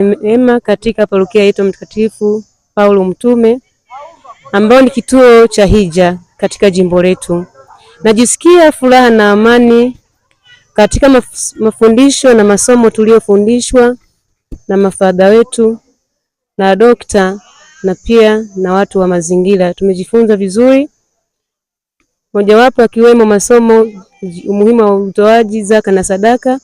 Neema katika parokia yetu Mtakatifu Paulo Mtume ambao ni kituo cha hija katika jimbo letu. Najisikia furaha na amani katika maf mafundisho na masomo tuliyofundishwa na mafadha wetu na dokta na pia na watu wa mazingira. Tumejifunza vizuri, mojawapo akiwemo masomo umuhimu wa utoaji zaka na sadaka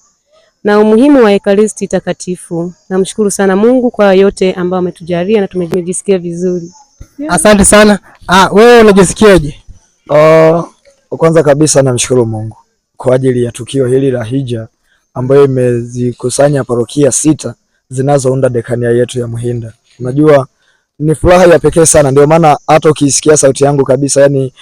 na umuhimu wa Ekaristi Takatifu. Namshukuru sana Mungu kwa yote ambayo ametujalia na tumejisikia vizuri. Asante sana. Ah, wewe unajisikiaje? Uh, kwanza kabisa namshukuru Mungu kwa ajili ya tukio hili la hija ambayo imezikusanya parokia sita zinazounda dekania yetu ya Muhinda. Unajua ni furaha ya pekee sana, ndio maana hata ukisikia sauti yangu kabisa, yani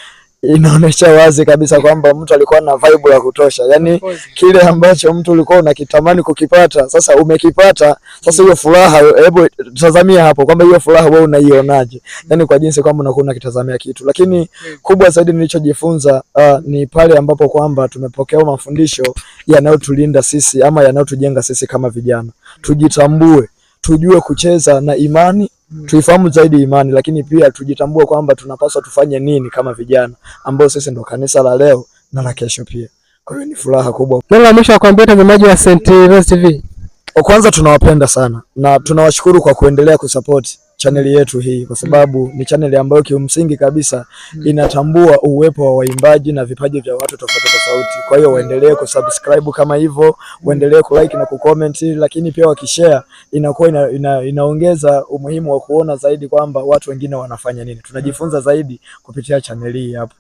inaonesha wazi kabisa kwamba mtu alikuwa na vibe ya kutosha, yani kile ambacho mtu ulikuwa unakitamani kukipata, sasa umekipata. Sasa hiyo furaha, hebu tazamia hapo kwamba hiyo furaha wewe unaionaje? Yani kwa jinsi kwamba unakuwa unakitazamia kitu, lakini kubwa zaidi nilichojifunza uh, ni pale ambapo kwamba tumepokea mafundisho yanayotulinda sisi ama yanayotujenga sisi kama vijana. Tujitambue, tujue kucheza na imani Mm. tuifahamu zaidi imani, lakini pia tujitambue kwamba tunapaswa tufanye nini kama vijana ambao sisi ndo kanisa la leo na la kesho pia. Kwa hiyo ni furaha kubwa. Neno la mwisho wa kuambia watazamaji wa St. Rose TV. Kwanza tunawapenda sana na tunawashukuru kwa kuendelea kusupport chaneli yetu hii, kwa sababu ni chaneli ambayo kiumsingi kabisa inatambua uwepo wa waimbaji na vipaji vya watu tofauti tofauti. Kwa hiyo waendelee kusubscribe kama hivyo, waendelee kulike na kucomment, lakini pia wakishare inakuwa ina, ina, inaongeza umuhimu wa kuona zaidi kwamba watu wengine wanafanya nini. Tunajifunza zaidi kupitia chaneli hii hapa.